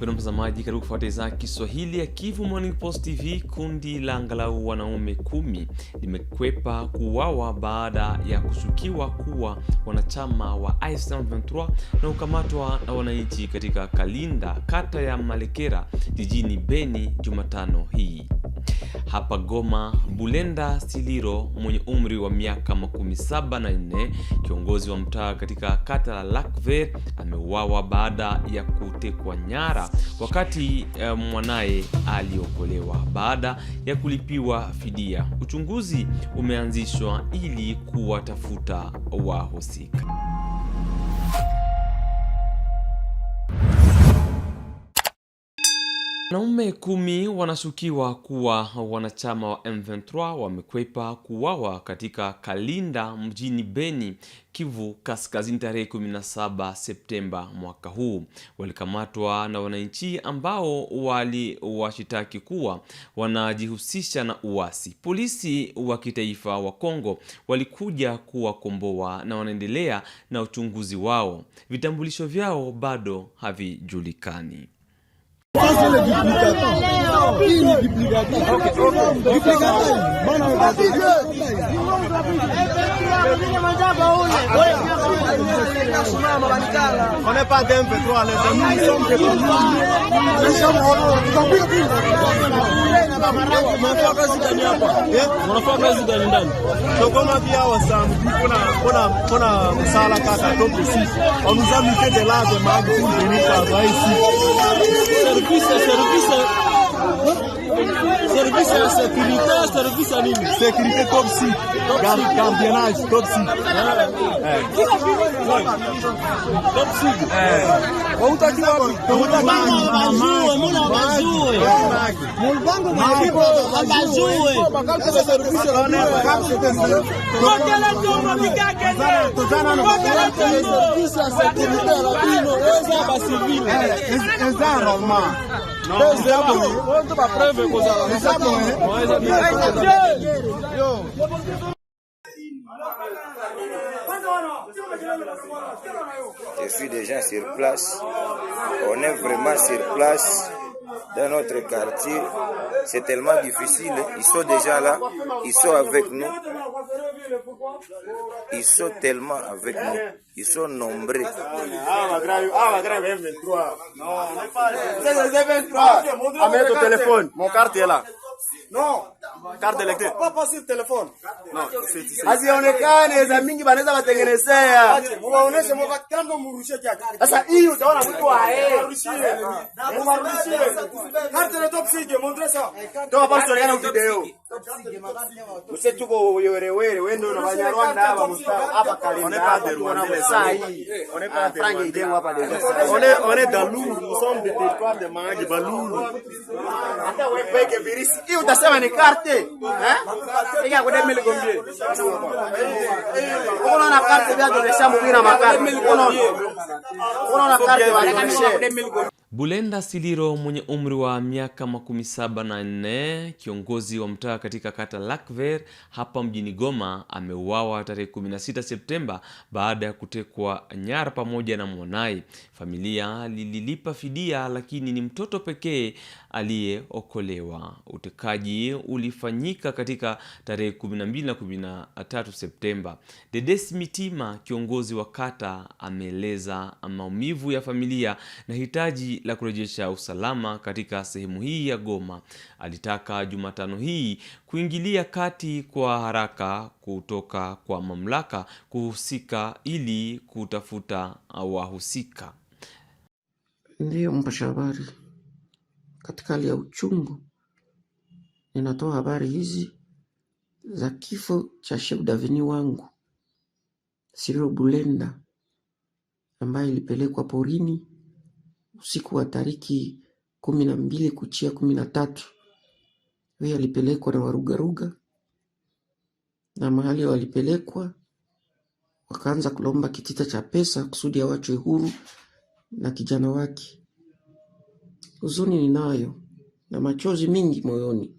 Mpendwa mtazamaji, karibu kufuata idhaa ya Kiswahili ya Kivu Morning Post TV. Kundi la angalau wanaume kumi limekwepa kuwawa baada ya kushukiwa kuwa wanachama wa i 23 na kukamatwa na wananchi katika Kalinda, kata ya Malekera, jijini Beni Jumatano hii hapa Goma. Bulenda Siliro mwenye umri wa miaka makumi saba na nne, kiongozi wa mtaa katika kata la Lakver, ameuawa baada ya kutekwa nyara wakati eh, mwanaye aliokolewa baada ya kulipiwa fidia. Uchunguzi umeanzishwa ili kuwatafuta wahusika. Wanaume kumi wanashukiwa kuwa wanachama wa M23 wamekwepa kuwawa katika Kalinda mjini Beni, Kivu Kaskazini tarehe 17 Septemba mwaka huu. Walikamatwa na wananchi ambao waliwashitaki kuwa wanajihusisha na uasi. Polisi wa kitaifa wa Kongo walikuja kuwakomboa na wanaendelea na uchunguzi wao. Vitambulisho vyao bado havijulikani. Ça, c'est le duplicateur. Il est duplicateur. On n'est pas d'un pétrole, nous sommes Nous sommes wanafanya kazi ndani ndani, Dodoma pia wasambi kuna kuna kuna msala kaka tombe sisi on nous a mis de l'âge, mais on nous a mis de l'âge. Service, service, Securite, serviço nini? Securite top 5. Campeonato top 5. Top 5. Vamos estar aqui logo. Vamos estar aqui. Mazue, mula mazue. Mulbango mazue. Mazue. Bakal serviço lá né? Bakal tombo bigake né? Bakal tombo. Serviço a securite lá, não é para civil. É, é normal. Je suis déjà sur place. On est vraiment sur place dans notre quartier. C'est tellement difficile. Ils sont déjà là. Ils sont avec nous. Ils sont tellement avec nous. Ils sont nombreux. Non, Ah, pas. m 23. Amène ton téléphone. Mon quartier est là. Non. carte electric papa si telefone no azionekane za mingi banaweza watengenezea muwaoneshe mwaka tano murushe kaka sasa hii utaona mtu wa eh murushe carte le top sige montre ça toa pas sur rien vidéo Mse tuko uyorewere wendo na Banyarwanda hapa mstao hapa kalenda hapa tuona saa hii. Frange idemo hapa leo. On est on est dans Lulu, de Maji Balulu. Hata wewe peke birisi. Hii utasema ni carte. Eh? Inga kwa demi ligombie. Unaona na carte bado ni shambu bila makali. Unaona. Unaona carte wale kanisha. Bulenda Siliro mwenye umri wa miaka makumi saba na nne, kiongozi wa mtaa katika kata Lakver hapa mjini Goma, ameuawa tarehe 16 Septemba baada ya kutekwa nyara pamoja na mwanaye. Familia lililipa fidia, lakini ni mtoto pekee aliyeokolewa. Utekaji ulifanyika katika tarehe 12 na 13 Septemba. Dedes Mitima, kiongozi wa kata, ameeleza maumivu ya familia na hitaji la kurejesha usalama katika sehemu hii ya Goma. Alitaka Jumatano hii kuingilia kati kwa haraka kutoka kwa mamlaka kuhusika ili kutafuta wahusika. Ndiyo mpasha habari, katika hali ya uchungu ninatoa habari hizi za kifo cha chef davini wangu Sirilo Bulenda ambaye ilipelekwa porini usiku wa tariki kumi na mbili kuchia kumi na tatu yeye alipelekwa na warugaruga, na mahali walipelekwa wakaanza kulomba kitita cha pesa kusudi awachwe huru na kijana wake. Huzuni ninayo na machozi mingi moyoni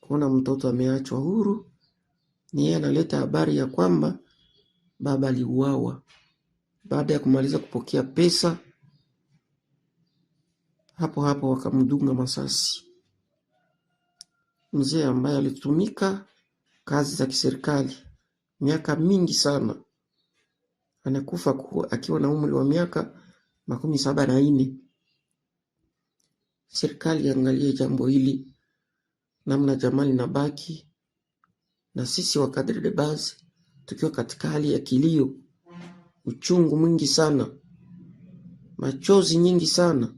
kuona mtoto ameachwa huru. Ni yeye analeta habari ya kwamba baba aliuawa baada ya kumaliza kupokea pesa hapo hapo wakamdunga masasi mzee ambaye alitumika kazi za kiserikali miaka mingi sana, anakufa akiwa na umri wa miaka makumi saba na nne. Serikali iangalie jambo hili namna na baki na sisi wa Cadre de Base tukiwa katika hali ya kilio, uchungu mwingi sana, machozi nyingi sana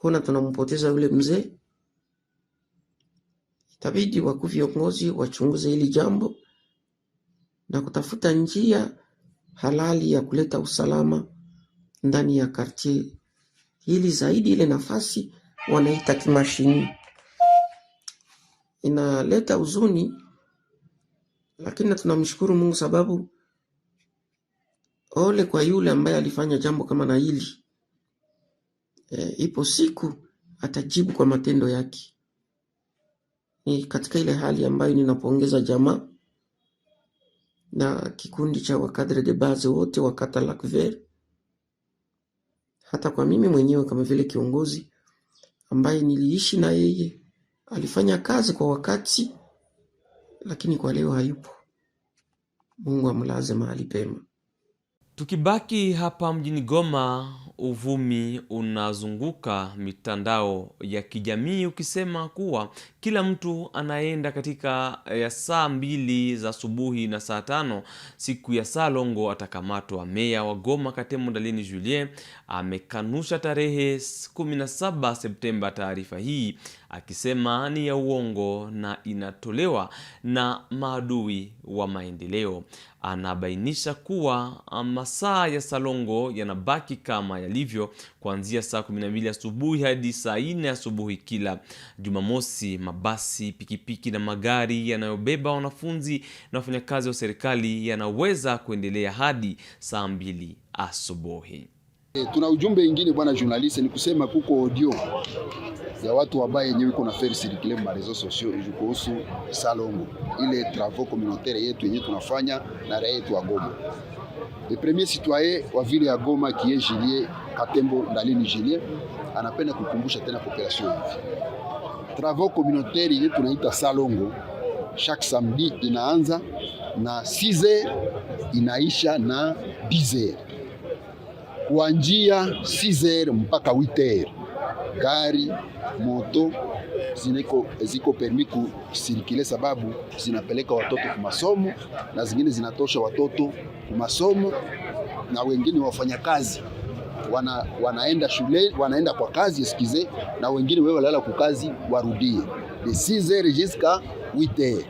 hona tunampoteza yule mzee. Itabidi wakuu viongozi wachunguze hili jambo na kutafuta njia halali ya kuleta usalama ndani ya kartie hili, zaidi ile nafasi wanaita kimashini. Inaleta huzuni, lakini tunamshukuru Mungu sababu ole kwa yule ambaye alifanya jambo kama na hili e, ipo siku atajibu kwa matendo yake. Ni katika ile hali ambayo ninapongeza jamaa na kikundi cha wakadre de base wote wa kata hata kwa mimi mwenyewe kama vile kiongozi ambaye niliishi na yeye, alifanya kazi kwa wakati, lakini kwa leo hayupo. Mungu amlaze mahali pema. Tukibaki hapa mjini Goma, uvumi unazunguka mitandao ya kijamii ukisema kuwa kila mtu anaenda katika eh, ya saa mbili za asubuhi na saa tano siku ya saa longo atakamatwa. Meya wa Goma Katemo dalini Julien amekanusha tarehe 17 Septemba taarifa hii akisema ni ya uongo na inatolewa na maadui wa maendeleo. Anabainisha kuwa ah, masaa ya Salongo yanabaki kama yalivyo kuanzia saa 12 asubuhi hadi saa 4 asubuhi kila Jumamosi. Mabasi, pikipiki na magari yanayobeba wanafunzi na wafanyakazi wa serikali yanaweza kuendelea hadi saa mbili asubuhi. E, tuna ujumbe ingine bwana journaliste, ni kusema kuko audio ya watu ambaye yenyewe iko na faire circuler ma réseaux sociaux kuhusu Salongo, ile travaux communautaire yetu yenyewe tunafanya na raia yetu wa Goma. Le premier citoyen wa vile ya Goma kie Julien Katembo Ndalini Julien anapenda kukumbusha tena population yetu travaux communautaire yetu tunaita Salongo, chaque samedi inaanza na 6h inaisha na 10h kuanzia 6h mpaka 8h gari moto zineko, ziko permi kusirikile sababu zinapeleka watoto kumasomo na zingine zinatosha watoto kumasomo na wengine wafanyakazi wana, wanaenda shule wanaenda kwa kazi eskize, na wengine wewe walala kukazi warudie de 6h jusqu'à 8h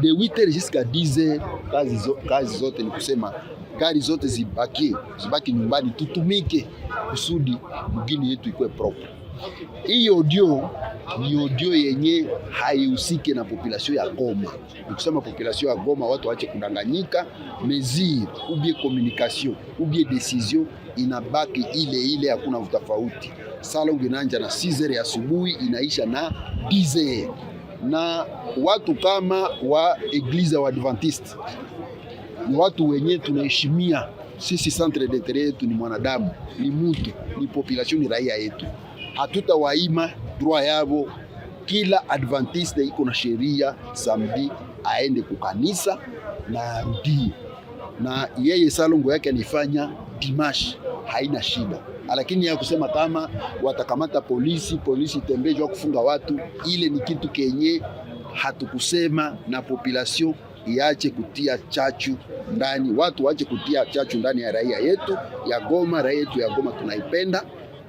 de 8h jusqu'à 10h. Kazi, zo, kazi zote ni kusema gari zote zibakie, zibaki nyumbani, tutumike kusudi mgini yetu ikuwe propre Hii audio ni audio yenye haihusike na population ya Goma. Nikusema population ya Goma, watu waache kudanganyika. mezi ou bien communication ou bien decision inabaki ile ile, hakuna utofauti. Sala ungenanja na 6h asubuhi inaisha na 10h, na watu kama wa eglise wa Adventiste ni watu wenye tunaheshimia. Sisi centre d'interet yetu ni mwanadamu, ni mtu, ni population, ni raia yetu. Hatutawaima droit yavo. Kila adventiste iko na sheria, samedi aende kukanisa na arudie, na yeye salongo yake anaifanya dimashi, haina shida lakini ya kusema kama watakamata polisi polisi tembejwa kufunga watu, ile ni kitu kenye hatukusema na population iache kutia chachu ndani, watu waache kutia chachu ndani ya raia yetu ya Goma. Raia yetu ya Goma tunaipenda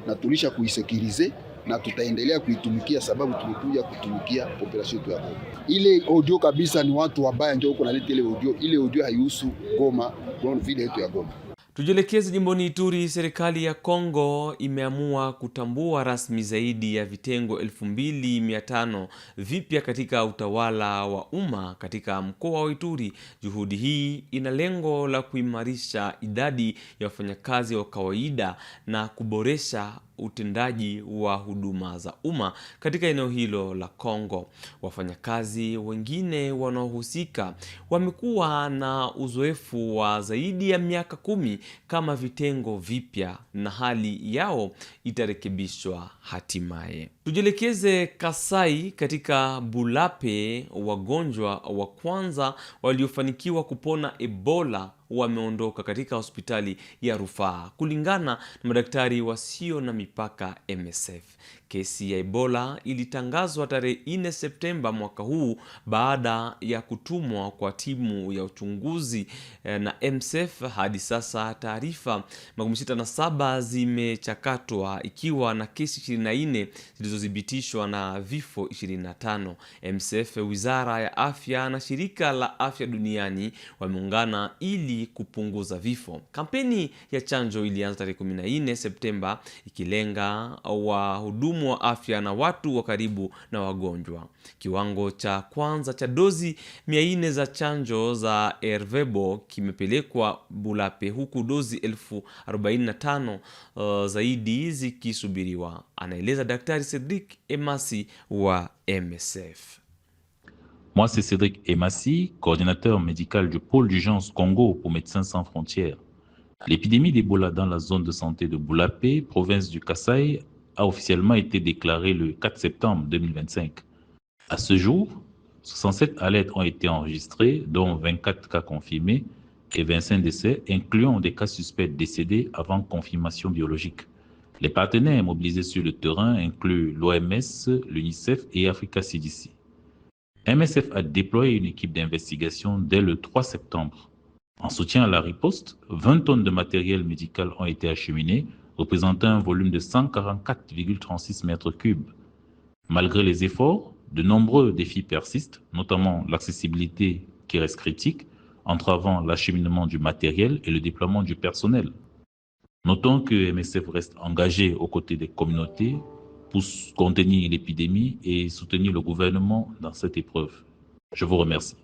na tulisha kuisekirize na tutaendelea kuitumikia, sababu tumekuja kutumikia population yetu ya Goma. Ile audio kabisa ni watu wabaya ndio huko naleta ile audio, ile audio haihusu Goma, vile yetu ya Goma. Tujielekeze jimboni Ituri. Serikali ya Kongo imeamua kutambua rasmi zaidi ya vitengo 2500 vipya katika utawala wa umma katika mkoa wa Ituri. Juhudi hii ina lengo la kuimarisha idadi ya wafanyakazi wa kawaida na kuboresha utendaji wa huduma za umma katika eneo hilo la Kongo. Wafanyakazi wengine wanaohusika wamekuwa na uzoefu wa zaidi ya miaka kumi kama vitengo vipya na hali yao itarekebishwa hatimaye. Tujielekeze Kasai katika Bulape. Wagonjwa wa kwanza waliofanikiwa kupona Ebola wameondoka katika hospitali ya rufaa kulingana na madaktari wasio na mipaka MSF. Kesi ya Ebola ilitangazwa tarehe 4 Septemba mwaka huu baada ya kutumwa kwa timu ya uchunguzi eh, na MSF. Hadi sasa taarifa 67 zimechakatwa ikiwa na kesi 24 zilizothibitishwa na vifo 25. MSF, Wizara ya Afya na Shirika la Afya Duniani wameungana ili ili kupunguza vifo. Kampeni ya chanjo ilianza tarehe 14 Septemba ikilenga wahudumu wa afya na watu wa karibu na wagonjwa. Kiwango cha kwanza cha dozi 400 za chanjo za Ervebo kimepelekwa Bulape huku dozi 45 uh, zaidi zikisubiriwa, anaeleza Daktari Cedric Emasi wa MSF. Moi, c'est Cédric Emassi, coordinateur médical du pôle d'urgence Congo pour Médecins sans frontières. L'épidémie d'Ebola dans la zone de santé de Boulapé, province du Kassai, a officiellement été déclarée le 4 septembre 2025. À ce jour, 67 alertes ont été enregistrées, dont 24 cas confirmés et 25 décès, incluant des cas suspects décédés avant confirmation biologique. Les partenaires mobilisés sur le terrain incluent l'OMS, l'UNICEF et Africa CDC. MSF a déployé une équipe d'investigation dès le 3 septembre. En soutien à la riposte, 20 tonnes de matériel médical ont été acheminées, représentant un volume de 144,36 mètres cubes. Malgré les efforts, de nombreux défis persistent, notamment l'accessibilité qui reste critique, entravant l'acheminement du matériel et le déploiement du personnel. Notons que MSF reste engagé aux côtés des communautés pour contenir l'épidémie et soutenir le gouvernement dans cette épreuve. Je vous remercie.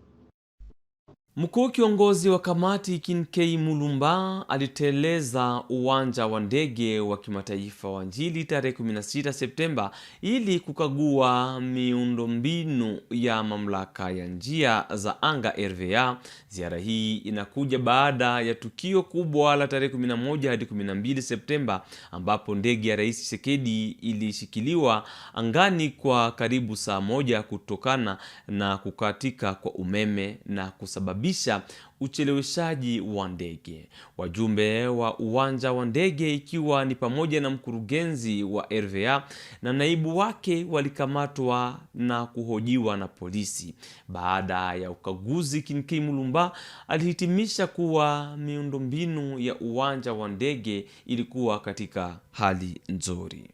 Mkuu kiongozi wa kamati Kinkei Mulumba aliteleza uwanja wa ndege wa kimataifa wa Njili tarehe 16 Septemba ili kukagua miundombinu ya mamlaka ya njia za anga RVA. Ziara hii inakuja baada ya tukio kubwa la tarehe 11 hadi 12 Septemba ambapo ndege ya Rais Tshisekedi ilishikiliwa angani kwa karibu saa moja kutokana na kukatika kwa umeme na kusababisha kabisa ucheleweshaji wa ndege. Wajumbe wa uwanja wa ndege ikiwa ni pamoja na mkurugenzi wa RVA na naibu wake walikamatwa na kuhojiwa na polisi. Baada ya ukaguzi, Kinkei Mulumba alihitimisha kuwa miundombinu ya uwanja wa ndege ilikuwa katika hali nzuri.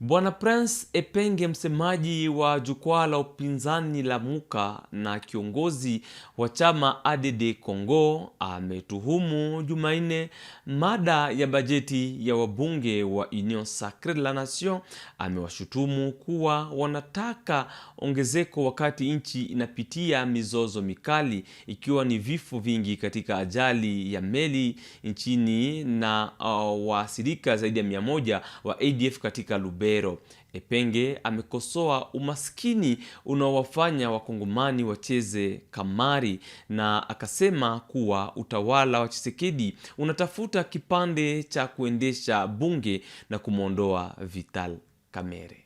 Bwana Prince Epenge, msemaji wa jukwaa la upinzani la Muka na kiongozi wa chama ADD Congo, ametuhumu Jumanne mada ya bajeti ya wabunge wa Union Sacre la Nation. Amewashutumu kuwa wanataka ongezeko wakati nchi inapitia mizozo mikali, ikiwa ni vifo vingi katika ajali ya meli nchini na uh, waathirika zaidi ya mia moja wa ADF katika Lube Lubero. Epenge amekosoa umaskini unaowafanya wakongomani wacheze kamari na akasema kuwa utawala wa Chisekedi unatafuta kipande cha kuendesha bunge na kumwondoa Vital Kamerhe.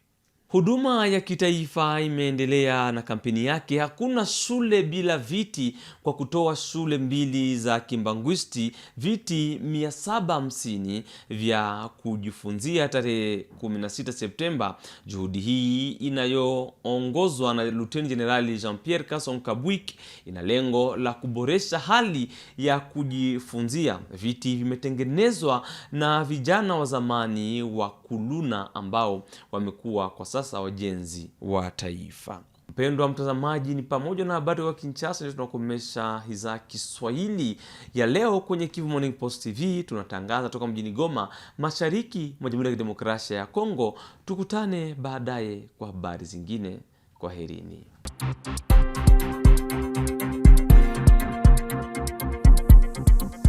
Huduma ya kitaifa imeendelea na kampeni yake hakuna shule bila viti, kwa kutoa shule mbili za Kimbangwisti viti 750 vya kujifunzia tarehe 16 Septemba. Juhudi hii inayoongozwa na Luteni Jenerali Jean Pierre cason Kabwik ina lengo la kuboresha hali ya kujifunzia. Viti vimetengenezwa na vijana wa zamani wa Kuluna ambao wamekuwa kwa sasa sasa wajenzi wa taifa. Mpendwa mtazamaji, ni pamoja na habari wa kinchasa ndio tunakomesha hiza Kiswahili ya leo kwenye Kivu Morning Post TV. Tunatangaza toka mjini Goma, mashariki mwa Jamhuri ya Kidemokrasia ya congo Tukutane baadaye kwa habari zingine. kwa herini